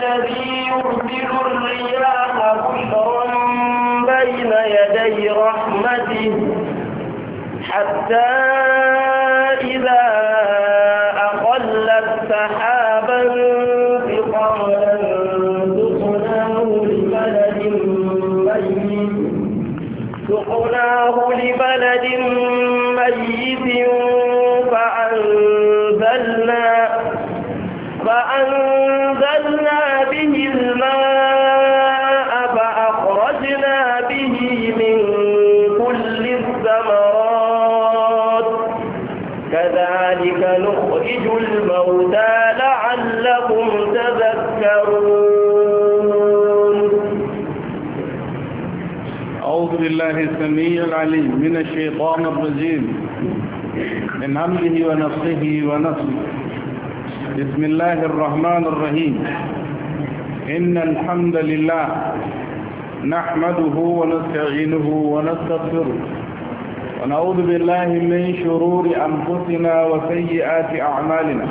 الذي يرسل الرياح بشرا بين يدي رحمته حتى إذا أقلت سحابا ثقالا سقناه لبلد ميت سقناه لبلد ميت أعوذ بالله السميع العليم من الشيطان الرجيم من همه ونفسه ونفسه بسم الله الرحمن الرحيم إن الحمد لله نحمده ونستعينه ونستغفره ونعوذ بالله من شرور أنفسنا وسيئات أعمالنا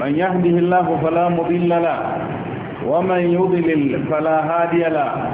من يهده الله فلا مضل له ومن يضلل فلا هادي له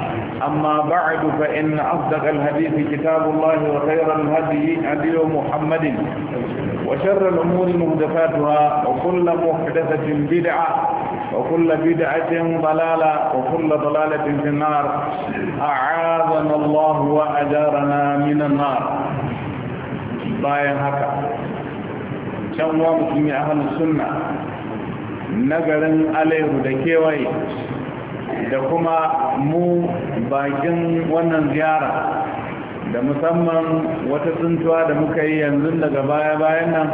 أما بعد فإن أصدق الحديث كتاب الله وخير الهدي هدي محمد وشر الأمور مهدفاتها وكل محدثة بدعة وكل بدعة ضلالة وكل ضلالة في النار أعاذنا الله وأجارنا من النار باين هكا شنوا مسلمي أهل السنة نقرن عليه دكيوي da kuma mu bakin wannan ziyara da musamman wata tuntuwa da muka yi yanzu daga baya-bayan nan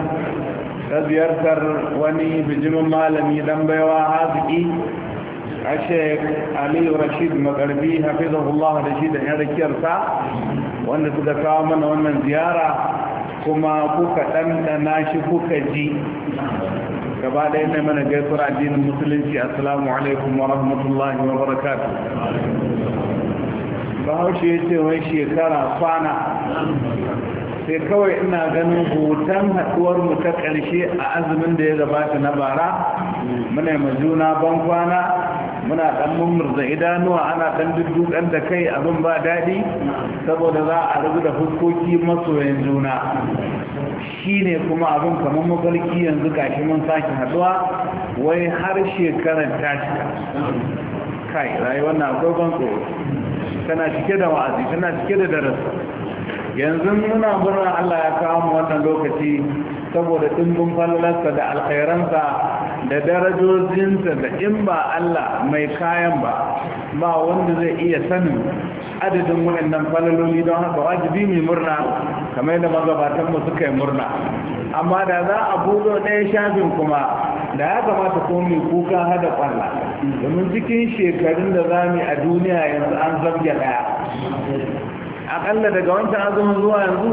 ta ziyartar wani bijimin malami dan baiwa haziki Ashe aliyu rashid makarbi hafizahullah da shi da yan wanda suka kawo mana wannan ziyara kuma kuka ɗanɗana shi kuka ji gaba ɗaya mai mana gaisuwar addinin musulunci assalamu alaikum wa rahmatullahi wa barakatu bahaushe ya ce wai shekara kwana sai kawai ina ganin hoton haɗuwar mu ta ƙarshe a azumin da ya gabata na bara muna ma juna ban kwana muna dan mummurza idanuwa ana dan duddukan da kai abin ba daɗi saboda za a rubu da fuskoki masoyan juna shi ne kuma abin kamar mafarki yanzu gashi mun sake haduwa wai har shekarar ta kai rayuwar na agogon tsoro tana cike da wa'azi tana cike da darasa yanzu muna murna allah ya kawo mu wannan lokaci saboda ɗimbin fallarsa da alkhairansa da darajojinsa da in ba Allah mai kayan ba ba wanda zai iya sanin adadin waɗannan falaloli don haka wajibi mai murna kamar yadda magabatanmu suka yi murna amma da za a buɗo ɗaya shafin kuma da ya kamata komi kuka hada kwalla domin cikin shekarun da za mu a duniya yanzu an zabge ɗaya aƙalla daga wancan azumin zuwa yanzu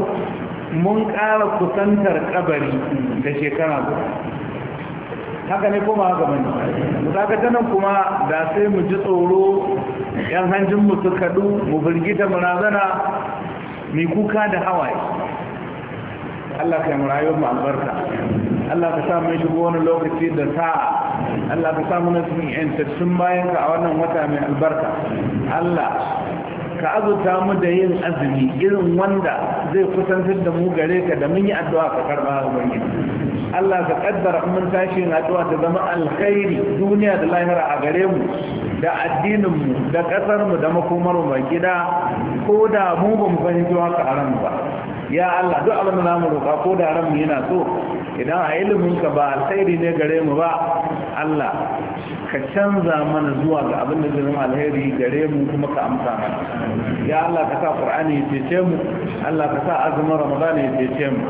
mun ƙara kusantar kabari da shekara guda haka ne kuma haka bane mu daga tanan kuma da sai mu ji tsoro yan hanjin mu su kadu mu birgita mu razana kuka da hawaye Allah ka yi mu rayuwar mu albarka Allah ka sa mu yi shigo wani lokaci da sa'a Allah ka sa mu nasu yantattun bayan ka a wannan wata mai albarka Allah ka azurta mu da yin azumi irin wanda zai kusantar da mu gare ka da mun yi addu'a ka karba ubangiji Allah ka kaddara mun tashi na addu'a ta zama alkhairi duniya da lahira a gare mu da addinin mu da kasar mu da makomar mu gida, ko da mu ba mu fahimci haka a ba ya Allah duk abin da namu roƙa ko da ran mu yana so idan a ilimin ka ba alkhairi ne gare mu ba Allah ka canza mana zuwa ga abin da zai alheri gare mu kuma ka amsa mana ya Allah ka sa Qur'ani ya cece mu Allah ka sa azumin Ramadan ya cece mu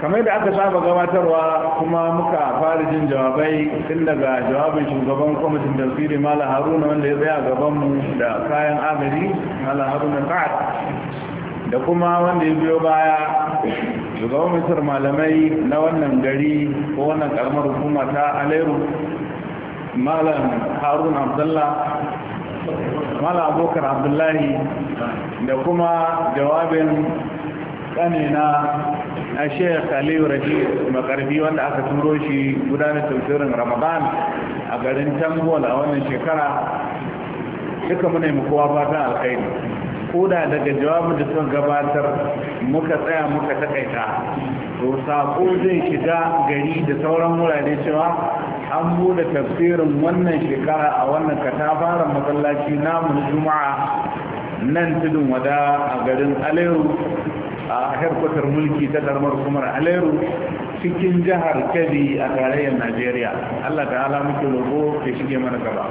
kamar da aka saba gabatarwa kuma muka fara jin jawabai tun daga jawabin shugaban kwamitin tafsiri mala haruna wanda ya tsaya mu da kayan amiri mala haruna sa'ad da kuma wanda ya biyo baya shugaban misir malamai na wannan gari ko wannan karamar hukuma ta alairu malam harun abdullah malam abokar abdullahi da kuma jawabin kanina na sheikh aliyu rashid makarfi wanda aka turo shi gudanar tafsirin ramadan a garin tambol a wannan shekara duka muna yi kowa fatan alkhairi ko da daga jawabin da suka gabatar muka tsaya muka takaita to sako zai shiga gari da sauran wurare cewa an buɗe tafsirin wannan shekara a wannan katafaren masallaci namun juma'a nan tudun wada a garin aleru a harkatar mulki ta darmar kumar aleru cikin jihar kebbi a tarayyar najeriya allah ta'ala muke lobo ke shige mana gaba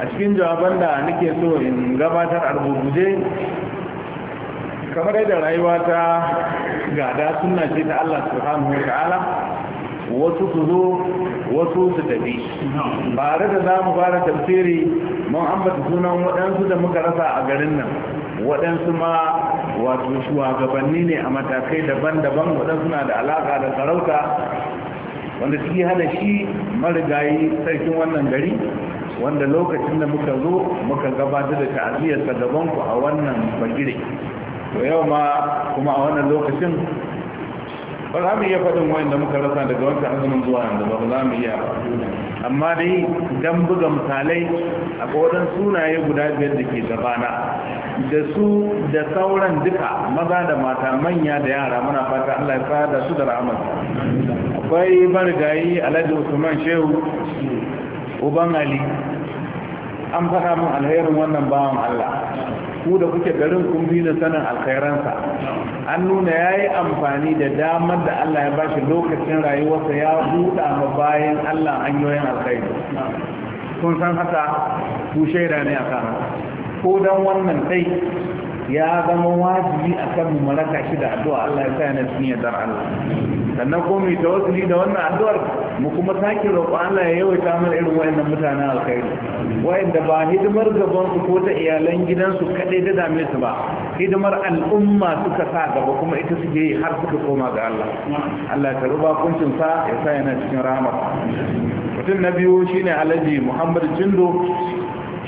a cikin jawaban da nake so in gabatar a rubuje kamar yadda rayuwa ta gada suna ce ta Allah subhanahu wa ta'ala wasu su zo wasu su tafi ba da za mu fara tafsiri mun ambata sunan waɗansu da muka rasa a garin nan waɗansu ma wato shugabanni ne a matakai daban-daban waɗansu na da alaƙa da sarauta wanda ciki hana shi marigayi sarkin wannan gari wanda lokacin da muka zo muka gabatar da ta gabanku a wannan bagire to yau ma kuma a wannan lokacin ba za mu iya faɗin wayan da muka rasa daga wancan azumin zuwa yanzu ba za mu iya ba amma dai don buga misalai a kodan sunaye guda biyar da ke gabana da su da sauran duka maza da mata manya da yara muna fata Allah ya da su da rahmat akwai barigayi alhaji usman shehu uban ali an faɗa min alherin wannan bawan Allah ku da kuke garin kun bi na sanin alkhairansa an nuna ya yi amfani da damar da Allah ya bashi lokacin rayuwarsa ya buɗa ma bayan Allah hanyoyin alkhairi kun san haka ku shaida ne a kan ko dan wannan kai ya zama wajibi a kan mu maraka shi da addu'a Allah ya sa yana cikin yardar Allah sannan ta wasu tawassuli da wannan addu'ar mu kuma sake roƙo Allah ya yawaita mana irin wayannan mutanen alkhairi wayanda ba hidimar gaban su ko ta iyalan gidansu kadai da dame su ba hidimar al'umma suka sa gaba kuma ita suke yi har suka koma ga Allah Allah ka ruba kuncin sa ya sa yana cikin rahama mutum na biyu shine Alhaji Muhammad Jindo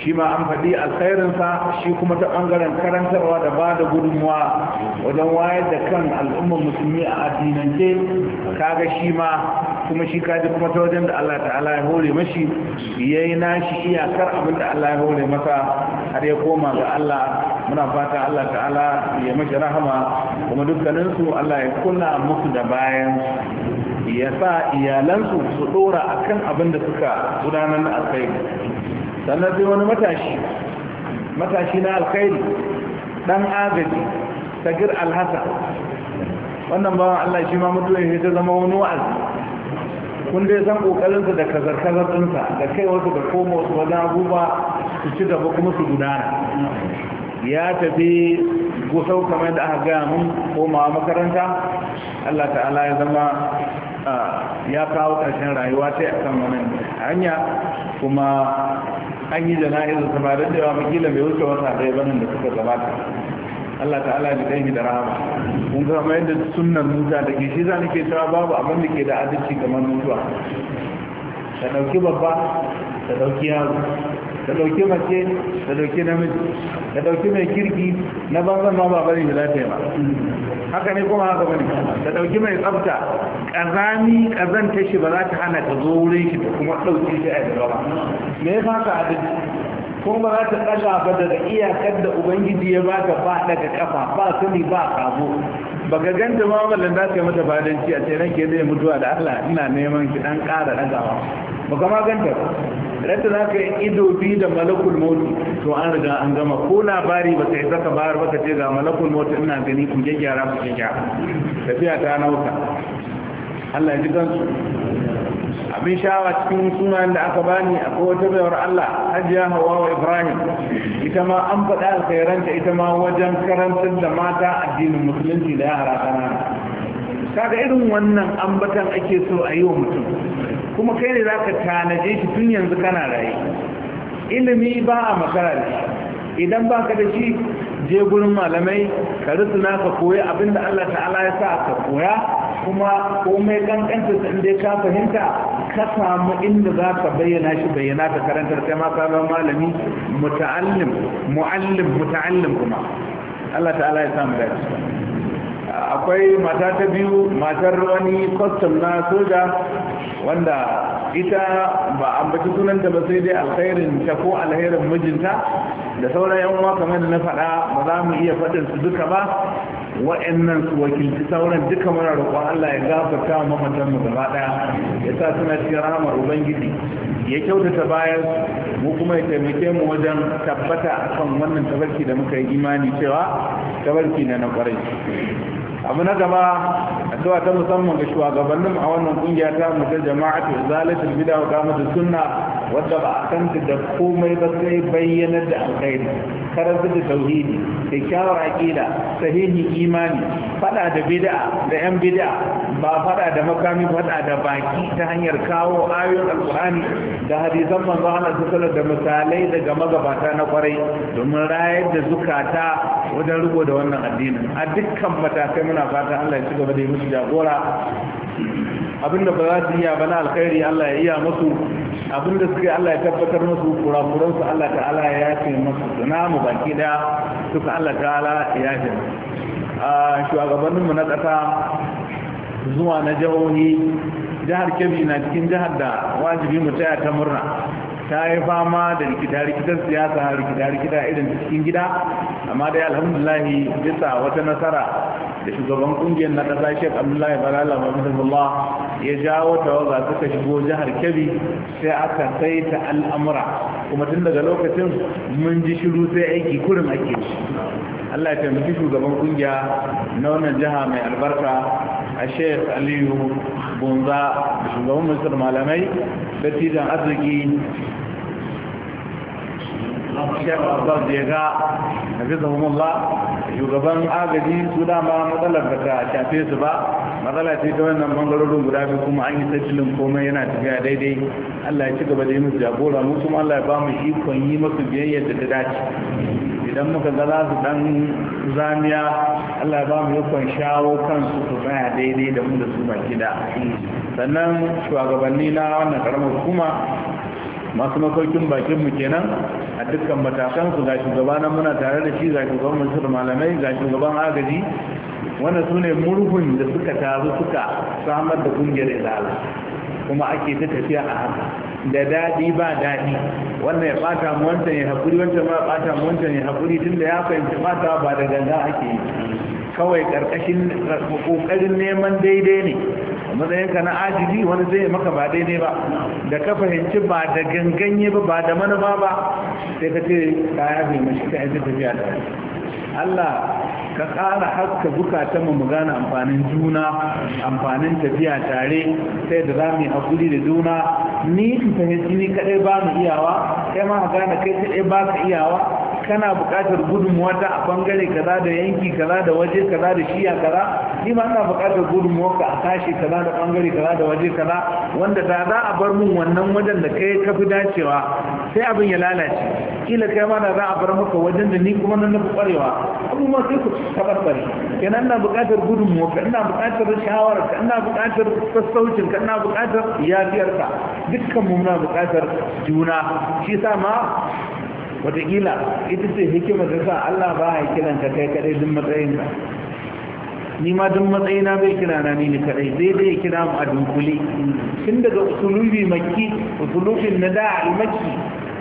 shi ma an faɗi alkhairinsa shi kuma ta ɓangaren karantarwa da ba da gudunmuwa wajen wayar da kan al'ummar musulmi a addinance kaga shi ma kuma shi kaji kuma ta wajen da Allah ta'ala ya hore mashi ya yi nashi iyakar abin da Allah ya hore masa har ya koma ga Allah muna fata Allah ta'ala ya mashi rahama kuma dukkaninsu Allah ya kula musu da bayan ya sa iyalansu su dora akan abin da suka gudanar na alkhairi sannan sai wani matashi matashi na alkhairi dan agaji sagir alhassan wannan bawan allah shi ma mutuwar shi ta zama wani wa'az kun dai san kokarinsa da kazar da kai wasu da koma wasu wajen abubuwa su ci gaba kuma su gudana ya tafi gusau kamar da aka gaya mun komawa makaranta allah ta'ala ya zama ah, ya kawo ƙarshen rayuwa ta akan wannan hanya kuma an yi jana'izar samarin da yawa makila mai wuce wata ɗaya banin da suka gabata Allah ta'ala ji ɗanyi da rahama kun kama yadda sunnar musa da ke shi za ni ke cewa babu abin da ke da adalci kamar mutuwa ta ɗauki babba ta ɗauki yaro da dauke mace da dauke namiji da dauke mai kirki na banzan ma ba bari da yi ba haka ne kuma haka bane da dauke mai tsafta kazami ta shi ba za ta hana ta zo wurin shi ta kuma dauki shi a gaba me yasa haka hadisi kuma ba za ta tsalla ba daga iyakar da ubangiji ya baka ba daga kafa ba sani ba kabo baka ganta ma wallan da ka mata badanci a ce ke zai mutuwa da Allah ina neman ki dan ƙara ragawa baka ma ganta ranta za ka yi ido biyu da malakul moti to an riga an gama ko labari ba yi zaka bayar ba ka ce ga malakul moti ina gani kun gyaggyara ku gyaggyara tafiya ta nauka Allah ya ji kansu abin sha'awa cikin sunan da aka bani akwai wata bayar Allah hajiya hawa wa Ibrahim ita ma an faɗa alkhairanta ita ma wajen karantar da mata addinin musulunci da yara ƙanana kaga irin wannan ambatan ake so a yi wa mutum kuma kai ne za ka tanaje shi tun yanzu kana raye ilimi ba a makara da idan ba ka da shi je gurin malamai ka rusuna ka koya abinda Allah ta'ala ya sa ka koya kuma komai kankanta ta inda ka fahimta ka samu inda za ka bayyana shi bayyana ka karantar sai ma ka malami muta'allim mu'allim muta'allim kuma Allah ta'ala ya samu dace akwai mata ta biyu matar wani kwastam na soja wanda ita ba ambaci sunanta ba sai dai alkhairin ta ko alherin mijinta da sauran yan uwa kamar da na faɗa ba za mu iya faɗin su duka ba wa'annan su wakilci sauran duka muna roƙon Allah ya gafarta wa mamatan mu gaba daya ya sa suna cikin rahamar ubangiji ya kyautata bayan mu kuma ya taimake mu wajen tabbata akan wannan tabarki da muka yi imani cewa tabarki na na kwarai abu na gaba addu'a ta musamman ga shugabannin a wannan kungiya ta mu ta jama'atu zalatul bid'a wa qamatu sunna wadda ba a kanta da komai ba sai bayyanar da alkhairi karanta da tauhidi kyakkyawar aƙida sahihin imani fada da bid'a da yan bid'a ba fada da makami fada da baki ta hanyar kawo ayoyin alkur'ani da hadisan manzo Allah sallallahu da misalai daga magabata na kwarai domin rayar da zukata wajen riko da wannan addinin a dukkan matakai muna fata Allah ya ci gaba da yi musu jagora abinda ba za su iya bana alkhairi Allah ya iya musu Abin da suka Allah ya tabbatar musu kurakuran su Allah ta'ala ya yafe musu suna mu baki daya suka Allah ta'ala ya yafe a shugabannin mu na kasa zuwa na jihohi jihar Kebbi na cikin jihar da wajibi mu taya ta murna ta yi fama da rikita rikitar siyasa rikita rikita irin cikin gida amma dai alhamdulillah bisa wata nasara da shugaban kungiyar na ƙasa shek abdullahi balala mahmudullah ya jawo tawaga suka shigo jihar kebbi sai aka saita al'amura kuma tun daga lokacin mun ji shiru sai aiki kurin ake Allah ya taimaki shugaban kungiya na wannan jiha mai albarka a shek aliyu bunza shugaban musulun malamai dattijan arziki abbas ya ga shugaban agaji su da dama matsalar da ta shafe su ba matsala ce ta wannan bangarorin guda biyu kuma an yi tattalin komai yana tafiya daidai allah ya ci gaba da yi musu jagora mu kuma allah ya ba mu ikon yi masu biyayya da ta dace idan muka ga za su dan zamiya allah ya ba mu ikon shawo kansu su tsaya daidai da mu da su ba da sannan shugabanni na wannan karamar hukuma masu mafarkin bakin mu kenan a dukkan matakan su ga na muna tare da shi ga shugaban majalisar malamai ga shugaban agaji wannan su ne murhun da suka taru suka samar da kungiyar izala kuma ake ta tafiya a haka da daɗi ba daɗi wannan ya ɓata mu wancan ya haƙuri wancan ba ɓata mu wancan ya haƙuri tun da ya fahimci ɓata ba da ganga ake yi kawai ƙarƙashin ƙoƙarin neman daidai ne zai ka na ajiji wani zai maka ba daidai ba da ka fahimci ba da ganganye ba ba da manufa ba sai ka ce ka yafe mashi ka yi tafiya da Allah ka ƙara haska zukatan mu gane amfanin juna amfanin tafiya tare sai da za mu yi hakuri da juna ni in fahimci ni kaɗai ba mu iyawa kai ma gane kai kaɗai ba ka iyawa kana buƙatar gudunmuwa ta a bangare kaza da yanki kaza da waje kaza da shiya kaza ni ma ina buƙatar gudunmuwa ka a tashi kaza da bangare kaza da waje kaza wanda da za a bar mun wannan wajen da kai ka fi dacewa sai abin ya lalace kila kai ma da za a bar maka wajen da ni kuma nan na kwarewa ƙwarewa abubuwa sai ku tabarbare kenan ina buƙatar gudunmuwa ka ina buƙatar shawara ka ina buƙatar sassaucin ka ina buƙatar yafiyar ka dukkan mu muna buƙatar juna shi sa ma wataƙila ita ce hikima ta sa Allah ba ya kiran ka kai kadai duk matsayin ka ni ma duk matsayina bai kira na ni ne kadai sai dai kira mu a dunkule tun daga usulubi makki usulubin na da al-makki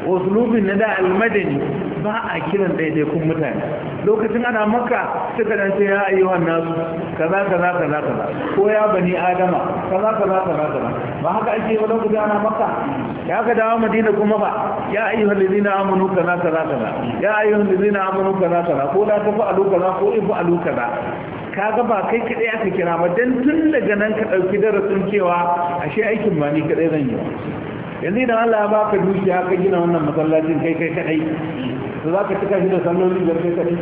uslubin na da almadani ba a kiran daidaikun mutane lokacin ana maka suka dan ce ya ayyuhan nasu kaza kaza kaza kaza ko ya bani adama kaza kaza kaza kaza ba haka ake yi lokacin ana maka ya ka dawo madina kuma ba ya ayyuhan ladina amanu kaza kaza kaza ya ayyuhan ladina amanu kaza kaza ko da fi alu kaza ko in fi alu kaza kaga ba kai kadai aka kira ba don tun daga nan ka dauki darasin cewa ashe aikin ba ni kaɗai zan yi yanzu idan Allah ya baka dukiya haka gina wannan masallacin kai kai kadai to za ka cika shi da sannoni da kai kadai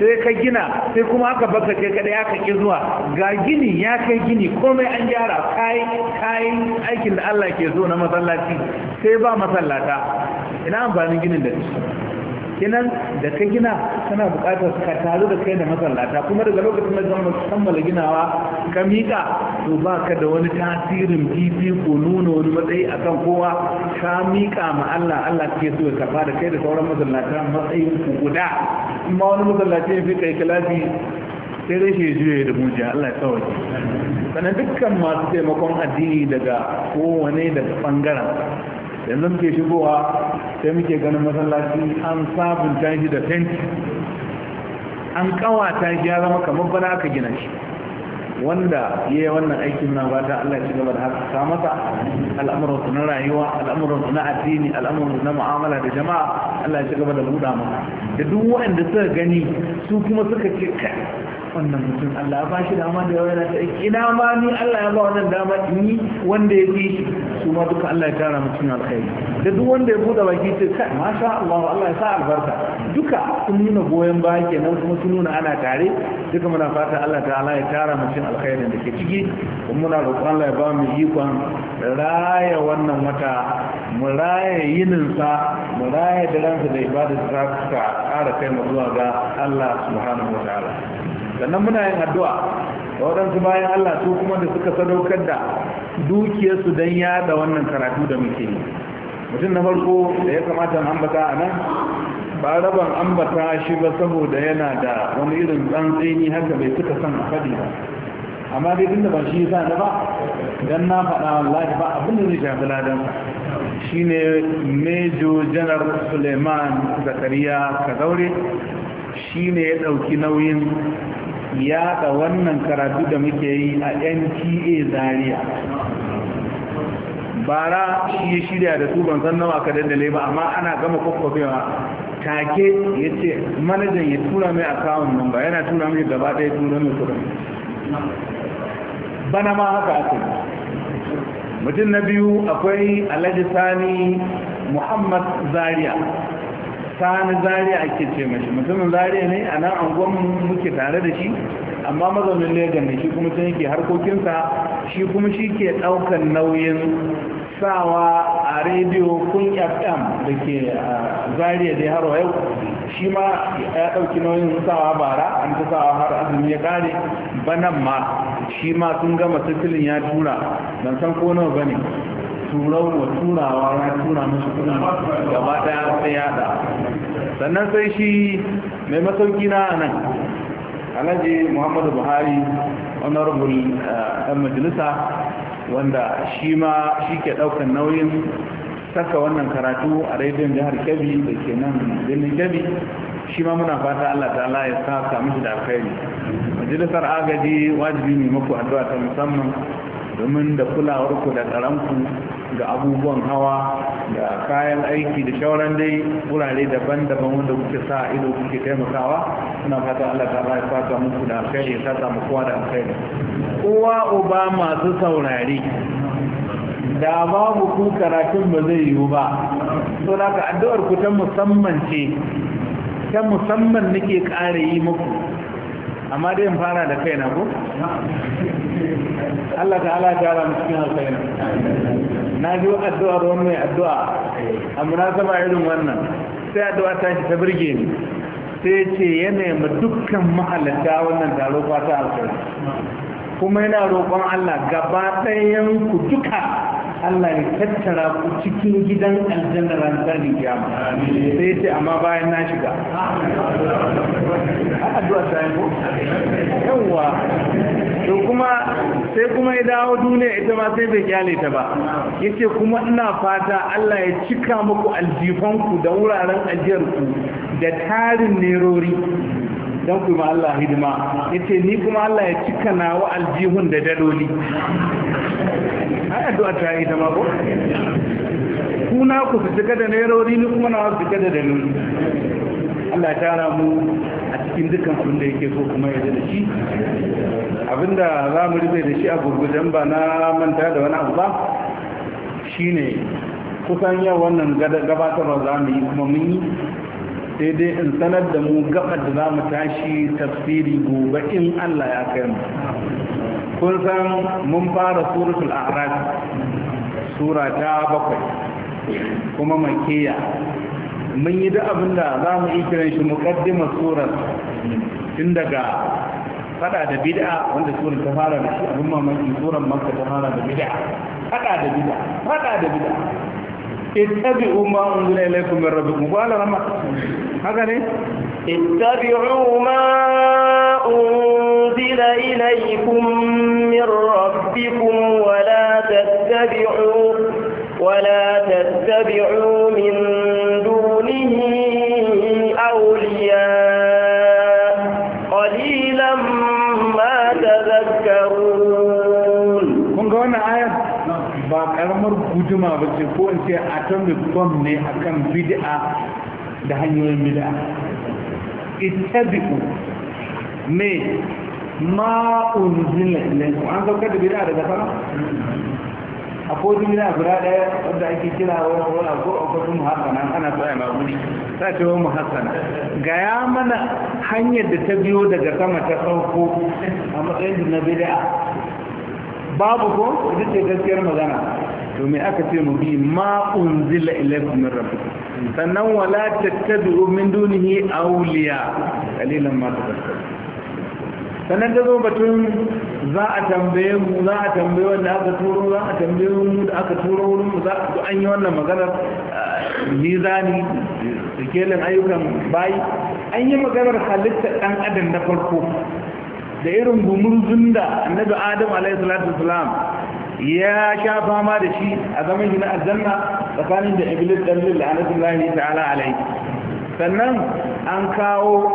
sai ka gina sai kuma aka baka kai kadai aka ki zuwa ga gini ya kai gini komai an gyara kayan kayan aikin da Allah ke so na masallaci sai ba masallata ina amfanin ginin da shi kenan da ka gina tana bukatar ka taru da kai da masallata kuma daga lokacin da zama kammala ginawa ka miƙa to ba ka da wani tasirin fifi ko nuna wani matsayi a kan kowa ka miƙa ma Allah Allah ke so ya karba da kai da sauran masallata matsayin ku guda in ma wani masallaci ya fi kai kalafi sai dai shi juye da mujiya Allah ya tsawaki sannan dukkan masu taimakon addini daga kowane daga bangaren yanzu muke shigowa sai muke ganin masallaci an sabunta shi da fenti an kawata shi ya zama kamar bana aka gina shi wanda ya yi wannan aikin na ba ta Allah shi gaba da haka ta masa al'amuransu na rayuwa al'amuransu na addini al'amuransu na mu'amala da jama'a Allah shi gaba da buɗa masa da duk waɗanda suka gani su kuma suka ce kai wannan mutum Allah ya ba shi dama da yawa yana ta ina ma ni Allah ya ba wannan dama in yi wanda ya fi shi su ma duka Allah ya kara mutum alkhairi da duk wanda ya buɗe baki ce kai masha Allah Allah ya sa albarka duka sun nuna goyon baya kenan kuma sun nuna ana tare duka muna fata Allah ta'ala ya kara mutum alkhairi da ke ciki kuma muna roƙon Allah ya ba mu ikon raya wannan wata mu raya yininsa mu raya daransa da ibada ta ka ƙara kai mu zuwa ga Allah subhanahu wa sannan muna yin addu'a da waɗansu bayan Allah su kuma da suka sadaukar da dukiyarsu don yada wannan karatu da muke yi mutum na farko da ya kamata an ambata a nan ba rabon ambata shi ba saboda yana da wani irin tsini haka bai suka san a faɗi ba amma dai da ba shi yasa da ba Don na faɗa wallahi ba abin da zai shafi ladan Shi ne mejo Janar Suleiman Zakariya Kazaure shi ne ya ɗauki nauyin yaɗa wannan karatu da muke yi a nta zaria bara shi ya shirya da su ban aka dandale ba amma ana gama kwakwafewa take ya ce manajan ya tura mai akawun nan ba yana tura mai gaba ɗaya tura mai tura bana ma haka ake mutum na biyu akwai alhaji sani muhammad zaria sani zariya ake ce mashi mutumin zariya ne a nan angon muke tare da shi amma mazaunin legan ne shi kuma sun yake harkokinsa shi kuma shi ke ɗaukan nauyin sawa a rediyo kun fm da ke zariya dai har yau shi ma ya dauki nauyin sawa bara an ta sawa har azumi ya kare banan ma shi ma sun gama sikilin ya tura ban san ko nawa ba ne turau wa turawa ya tura musu gaba ɗaya sai yada sannan sai shi mai masauki na nan alhaji muhammadu buhari honorable dan eh, majalisa wanda shi ma shi ke daukan nauyin saka wannan karatu a rediyon jihar kebbi da ke nan birnin kebbi shi ma muna fata allah ta'ala ya samu shi da alkhairi majalisar agaji wajibi ne maku addu'a ta musamman domin da kulawarku da tsaronku ga abubuwan hawa da kayan aiki da shauran dai wurare daban-daban wanda kuke sa ido kuke taimakawa suna fata Allah ta ba ya fata muku da alkhairi ta samu kowa da alkhairi Kowa uba masu saurari da babu ku karatun ba zai yiwu ba so da ka addu'ar ku ta musamman ce ta musamman nake ƙara yi muku amma dai in fara da kaina ko Allah ta'ala ya cikin alkhairi na ji addu'ar wani mai addu'a a munasaba irin wannan sai addu'a ta shi ta birge ni sai ce yanayin ma dukkan mahalarta wannan taro fata alkhairi kuma yana roƙon Allah gaba ɗayan ku duka Allah ya tattara ku cikin gidan aljanna rantar kiyama sai ya ce amma bayan na shiga addu'a ta ko yawa to kuma sai kuma ya dawo duniya ita ma sai bai kyale ta ba yace kuma ina fata Allah ya cika muku aljifan ku da wuraren ajiyar ku da tarin nerori don ku ma Allah hidima ya ni kuma Allah ya cika wa aljihun da daloli ai addu'a ta yi hidima ko kuna ku su cika da nairori ni kuma na su cika da daloli Allah ya tara mu a cikin dukkan abin da yake so kuma ya da shi abinda za mu rufe da shi a gurgujen ba na manta da wani abu ba shine kusan yau wannan gabatarwa za mu yi kuma mun yi sai dai in sanar da mu gabar da za mu tashi tafsiri gobe in Allah ya kai mu kun san mun fara suratul a'raf sura ta bakwai kuma makiya mun yi duk abin da za mu yi kiran shi muqaddimar surar tun daga fada da bid'a wanda surar ta fara da shi abin mamaki surar makka ta fara da bid'a fada da bid'a fada da bid'a ittabi'u ma unzila ilaykum min rabbikum ba la rama haka ne ittabi'u ma unzila ilaykum min rabbikum wa la tattabi'u kalma ba ce ko in ce a atomic bomb ne a kan bid'a da hanyoyin bid'a ittabi'u me ma unzila ilaykum an saukar da bid'a daga sama a kodin bid'a guda daya wadda ake kira wa wala ko a kodin muhassana ana tsaya ma guri ta ce wa muhassana ga ya mana hanyar da ta biyo daga sama ta sauko a matsayin na bid'a babu ko ita ce gaskiyar magana to me aka ce mu bi ma unzila ilaykum min rabbikum sannan wala tattabi'u min dunihi awliya qalilan ma tadhakkarun sannan da zo batun za a tambaye mu za a tambaye wanda aka turo za a tambaye mu da aka turo wurin mu za a an yi wannan maganar eh, mizani sikelin ayyukan bayi an yi maganar halitta ɗan adam na farko da irin gumurzun da annabi adam alaihi salatu wasalam ya sha fama da shi a zaman shi na aljanna tsakanin da iblis dalil la'anatullahi ta'ala alai sannan an kawo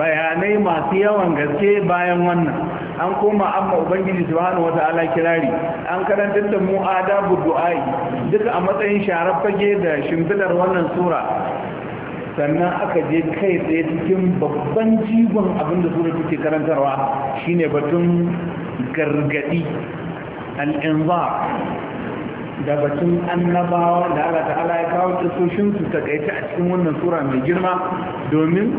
bayanai masu yawan gaske bayan wannan an koma amma ubangiji subhanahu wata'ala kirari an karanta da mu adabu du'ai duka a matsayin sharaf fage da shimfidar wannan sura sannan aka je kai tsaye cikin babban jigon abinda sura take karantarwa shine batun gargadi al'inzar da batun annabawa da Allah ta'ala ya kawo kisoshinsu ta ta a cikin wannan sura mai girma domin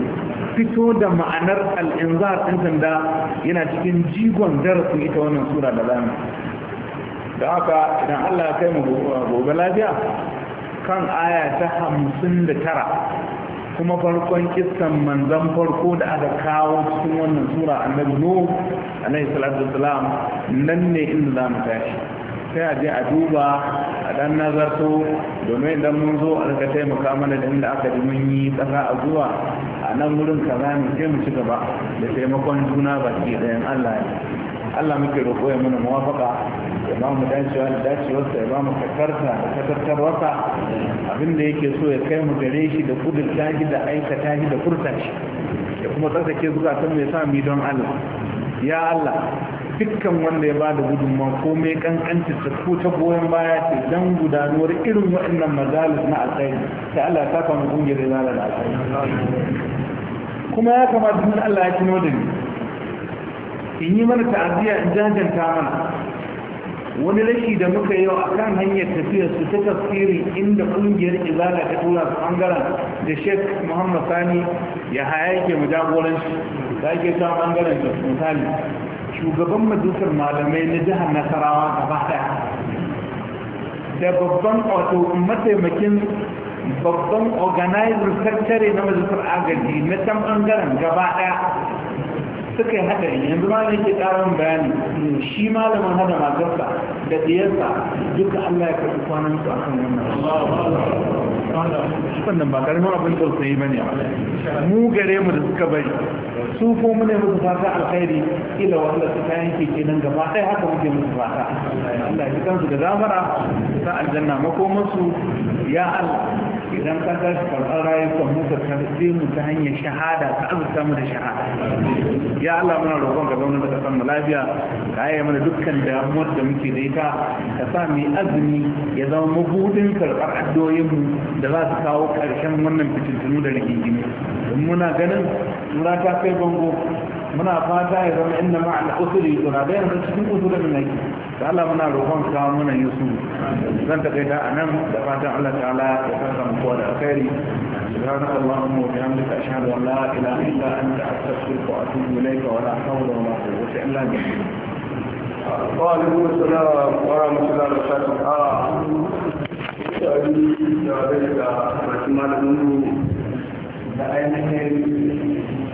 fito da ma'anar al'inzar ɗin sanda yana cikin jigon darasin ita wannan sura da zamu da haka idan Allah ya kai mu gobe lafiya kan aya ta hamsin da tara kuma farkon kissan manzan farko da aka kawo cikin wannan sura annabi no alaihi salatu wasalam nan ne inda za mu tashi sai a je a duba a dan nazarto domin idan mun zo a rika taimaka mana da inda aka ji mun yi tsaka a zuwa a nan wurin kaza ne je mu ci gaba da taimakon juna baki ɗayan Allah ne Allah muke roƙo ya mana muwafaka ya ba mu dacewa da dacewarsa ya ba mu kakarta da kakartar wasa abinda yake so ya kai mu gare shi da kudurta shi da aikata shi da furta shi da kuma tsarkake zukatan mai sa mi don Allah ya Allah dukkan wanda ya bada gudunmawa ko komai kankanci ta ko ta goyon baya ce dan gudanuwar irin waɗannan majalis na alkhairi sai Allah ya saka mu kungiyar da da alkhairi kuma ya kamata mun Allah ya tuno da ni in yi mana ta'aziyya in jajanta mana wani rashi da muka yi a kan hanyar tafiya su ta tafsiri inda kungiyar izala ta tura su bangaren da shek muhammad sani ya haya yake mu shi da ake sa bangaren da misali shugaban majalisar malamai na jihar nasarawa a daya da babban wato mataimakin babban organizer secretary na majalisar agaji na can bangaren gaba daya suka yi hadari yanzu ma ne ke karin bayani shi malamin hada matarsa da diyarsa duka Allah ya karɓi kwanan su a kan wannan wannan ba karamin abin tausayi bane mu gare mu da suka bari su ko mu ne musu fata alkhairi ila wanda suka yanke nan gaba ɗaya haka muke musu fata Allah ya kansu da zamara ta aljanna makomansu ya Allah idan ka tashi karɓar rayukan mu ka fi mu ta hanyar shahada ta azurta mu da shahada ya Allah muna roƙon ka zauna da kasan mu lafiya ka yaye mana dukkan damuwar da muke da ita ka sa mu azumi ya zama mabudin karɓar addu'o'in mu da za su kawo ƙarshen wannan fitintunu da rigingimu muna ganin tura ta bango muna fata ya zama inda ma'ana usuri suna da yanzu cikin usuri ne nake da Allah muna roƙon ka muna yusu zan ta kai ta anan da fatan Allah ta'ala سبحانك اللهم وبحمدك أشهد أن لا إله إلا أنت أستغفرك وأتوب إليك ولا حول ولا قوة إلا بالله. الله وبركاته. آه. يا ريت يا ريت يا ريت يا